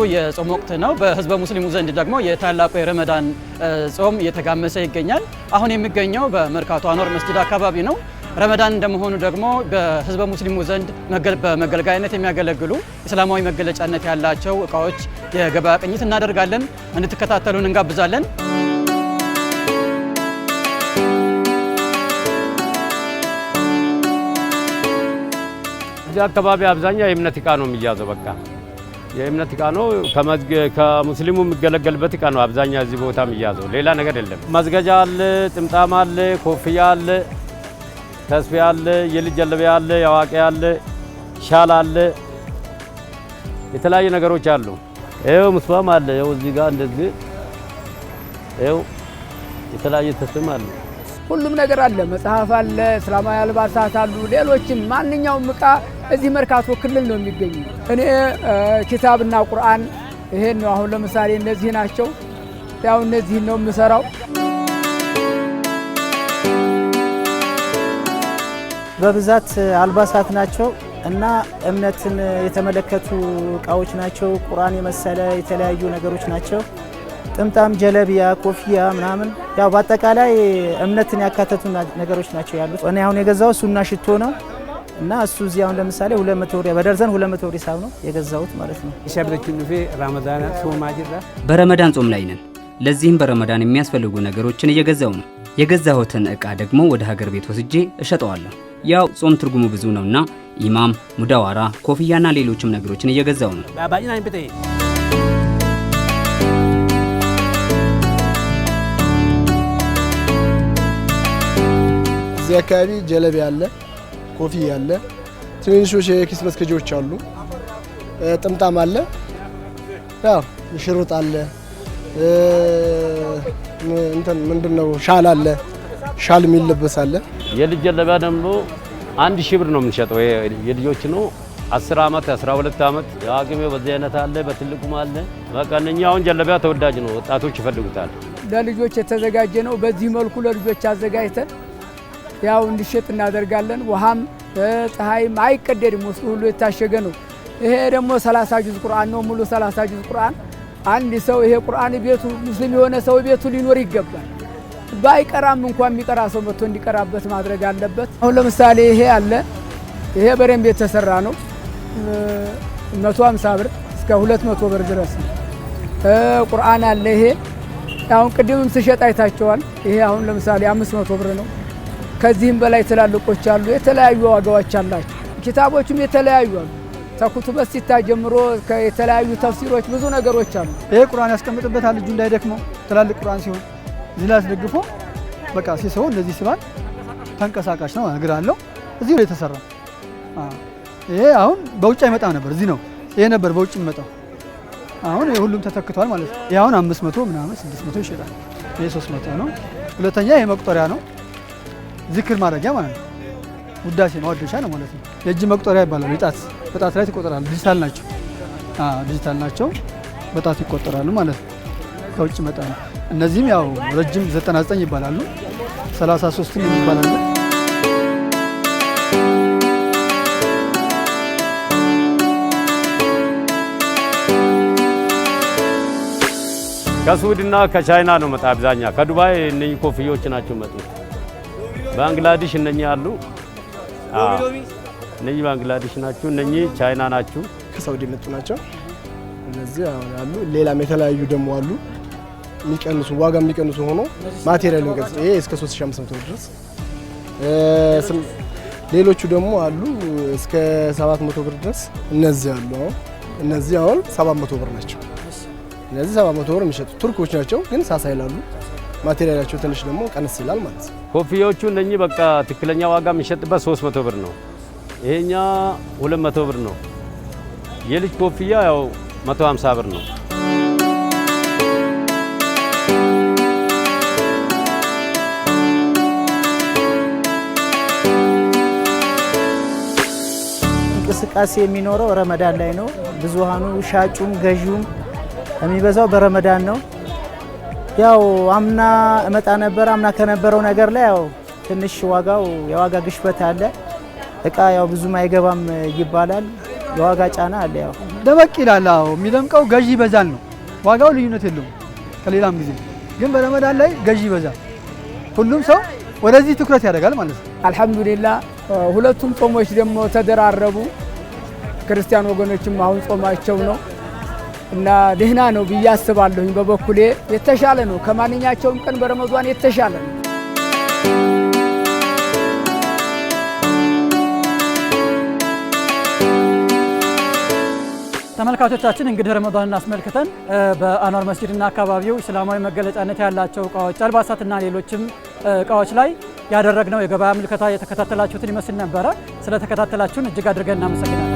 ወቅቱ የጾም ወቅት ነው። በህዝበ ሙስሊሙ ዘንድ ደግሞ የታላቁ የረመዳን ጾም እየተጋመሰ ይገኛል። አሁን የሚገኘው በመርካቶ አኖር መስጂድ አካባቢ ነው። ረመዳን እንደመሆኑ ደግሞ በህዝበ ሙስሊሙ ዘንድ በመገልገያነት የሚያገለግሉ እስላማዊ መገለጫነት ያላቸው እቃዎች የገበያ ቅኝት እናደርጋለን። እንድትከታተሉን እንጋብዛለን። እዚህ አካባቢ አብዛኛው የእምነት እቃ ነው የሚያዘው በቃ የእምነት እቃ ነው። ከሙስሊሙ የሚገለገልበት እቃ ነው። አብዛኛ እዚህ ቦታ የሚያዘው ሌላ ነገር የለም። መዝገጃ አለ፣ ጥምጣም አለ፣ ኮፍያ አለ፣ ተስፊያ አለ፣ የልጅ ጀለቢያ አለ፣ የአዋቂ አለ፣ ሻል አለ፣ የተለያዩ ነገሮች አሉ። ይኸው ምስዋም አለ። ይኸው እዚህ ጋር እንደዚህ ይኸው የተለያየ ተስም አለ። ሁሉም ነገር አለ። መጽሐፍ አለ፣ እስላማዊ አልባሳት አሉ፣ ሌሎችም ማንኛውም እቃ እዚህ መርካቶ ክልል ነው የሚገኙ። እኔ ኪታብና ቁርአን ይሄን ነው አሁን ለምሳሌ እነዚህ ናቸው። ያው እነዚህን ነው የምሰራው። በብዛት አልባሳት ናቸው እና እምነትን የተመለከቱ እቃዎች ናቸው። ቁርአን የመሰለ የተለያዩ ነገሮች ናቸው። ጥምጣም፣ ጀለቢያ፣ ኮፍያ ምናምን ያው በአጠቃላይ እምነትን ያካተቱ ነገሮች ናቸው ያሉት። እኔ አሁን የገዛው ሱና ሽቶ ነው። እና እሱ እዚህ አሁን ለምሳሌ ሁለት መቶ ብር በደርዘን ሁለት መቶ ብር ነው የገዛሁት ማለት ነው። በረመዳን ጾም ላይ ነን። ለዚህም በረመዳን የሚያስፈልጉ ነገሮችን እየገዛው ነው። የገዛሁትን እቃ ደግሞ ወደ ሀገር ቤት ወስጄ እሸጠዋለሁ። ያው ጾም ትርጉሙ ብዙ ነውና ኢማም፣ ሙዳዋራ፣ ኮፍያና ሌሎችም ነገሮችን እየገዛው ነው። እዚህ አካባቢ ጀለቤ አለ ኮፊ አለ። ትንንሾች የኪስ መስከጃዎች አሉ። ጥምጣም አለ። ያው ሽርጥ አለ። እንትን ምንድነው ሻል አለ። ሻል የሚለበስ አለ። የልጅ ጀለቢያ ደግሞ አንድ ሺህ ብር ነው የምንሸጠው። የልጆች ነው 10 ዓመት 12 ዓመት የአቅሜው በዚህ አይነት አለ፣ በትልቁም አለ። በቃ እነኛ አሁን ጀለቢያ ተወዳጅ ነው፣ ወጣቶች ይፈልጉታል። ለልጆች የተዘጋጀ ነው። በዚህ መልኩ ለልጆች አዘጋጅተን ያው እንዲሸጥ እናደርጋለን። ውሃም ፀሐይም አይቀደድም፣ ውስጡ ሁሉ የታሸገ ነው። ይሄ ደግሞ ሰላሳ ጁዝ ቁርአን ነው፣ ሙሉ ሰላሳ ጁዝ ቁርአን። አንድ ሰው ይሄ ቁርአን ቤቱ ሙስሊም የሆነ ሰው ቤቱ ሊኖር ይገባል። ባይቀራም እንኳ የሚቀራ ሰው መጥቶ እንዲቀራበት ማድረግ አለበት። አሁን ለምሳሌ ይሄ አለ። ይሄ በደንብ የተሰራ ነው። መቶ ሀምሳ ብር እስከ ሁለት መቶ ብር ድረስ ነው። ቁርአን አለ። ይሄ አሁን ቅድምም ስሸጥ አይታቸዋል። ይሄ አሁን ለምሳሌ አምስት መቶ ብር ነው። ከዚህም በላይ ትላልቆች አሉ። የተለያዩ ዋጋዎች አላቸው። ኪታቦቹም የተለያዩ አሉ። ተኩቱበት ሲታ ጀምሮ የተለያዩ ተፍሲሮች ብዙ ነገሮች አሉ። ይሄ ቁርአን ያስቀምጥበታል ልጁ እንዳይደክመው። ትላልቅ ቁርአን ሲሆን እዚህ ላይ አስደግፎ በቃ ሲሰው እንደዚህ ሲባል ተንቀሳቃሽ ነው እግር አለው። እዚህ ነው የተሰራ። ይሄ አሁን በውጭ አይመጣም ነበር፣ እዚህ ነው ይሄ ነበር በውጭ የሚመጣው። አሁን ሁሉም ተተክቷል ማለት ነው። ይሄ አሁን አምስት መቶ ምናምን ስድስት መቶ ይሸጣል። ይሄ ሶስት መቶ ነው። ሁለተኛ ይሄ መቁጠሪያ ነው። ዝክር ማድረጊያ ማለት ነው። ውዳሴ ማወደሻ ነው ማለት ነው። የእጅ መቁጠሪያ ይባላል። የጣት በጣት ላይ ትቆጠራሉ። ዲጂታል ናቸው፣ ዲጂታል ናቸው። በጣት ይቆጠራሉ ማለት ነው። ከውጭ መጣ ነው። እነዚህም ያው ረጅም 99 ይባላሉ፣ 33 ይባላሉ። ከስዊድና ከቻይና ነው መጣ። አብዛኛ ከዱባይ እነኝ ኮፍያዎች ናቸው መጡት። ባንግላዴሽ እነኚህ አሉ። እነኚህ ባንግላዴሽ ናችሁ፣ እነኚህ ቻይና ናችሁ፣ ከሳውዲ የመጡ ናቸው። እነዚህ አሁን አሉ። ሌላም የተለያዩ ደግሞ አሉ የሚቀንሱ ዋጋ የሚቀንሱ ሆኖ ማቴሪያል የሚቀንሱ ይሄ እስከ 3500 ድረስ፣ ሌሎቹ ደግሞ አሉ እስከ 700 ብር ድረስ። እነዚህ አሉ። አሁን እነዚህ አሁን 700 ብር ናቸው። ስለዚህ ሰባ መቶ ብር የሚሸጡ ቱርኮች ናቸው፣ ግን ሳሳ ይላሉ። ማቴሪያላቸው ትንሽ ደግሞ ቀንስ ይላል ማለት ነው። ኮፍያዎቹ እነኚህ በቃ ትክክለኛ ዋጋ የሚሸጥበት 300 ብር ነው። ይሄኛ 200 ብር ነው። የልጅ ኮፍያ ያው 150 ብር ነው። እንቅስቃሴ የሚኖረው ረመዳን ላይ ነው። ብዙሃኑ ሻጩም ገዢውም የሚበዛው በረመዳን ነው። ያው አምና እመጣ ነበር። አምና ከነበረው ነገር ላይ ያው ትንሽ ዋጋው የዋጋ ግሽበት አለ። እቃ ያው ብዙም አይገባም ይባላል። የዋጋ ጫና አለ። ያው ደመቅ ይላል። አዎ የሚደምቀው ገዢ ይበዛል ነው። ዋጋው ልዩነት የለውም ከሌላም ጊዜ፣ ግን በረመዳን ላይ ገዢ ይበዛል። ሁሉም ሰው ወደዚህ ትኩረት ያደርጋል ማለት ነው። አልሐምዱሊላ ሁለቱም ጾሞች ደግሞ ተደራረቡ። ክርስቲያን ወገኖችም አሁን ጾማቸው ነው። እና ደህና ነው ብዬ አስባለሁኝ። በበኩሌ የተሻለ ነው፣ ከማንኛቸውም ቀን በረመዟን የተሻለ ነው። ተመልካቾቻችን እንግዲህ ረመዷንን አስመልክተን በአኗር መስጂድና አካባቢው እስላማዊ መገለጫነት ያላቸው እቃዎች፣ አልባሳትና ሌሎችም እቃዎች ላይ ያደረግነው የገበያ ምልከታ የተከታተላችሁትን ይመስል ነበረ። ስለተከታተላችሁን እጅግ አድርገን እናመሰግናለን።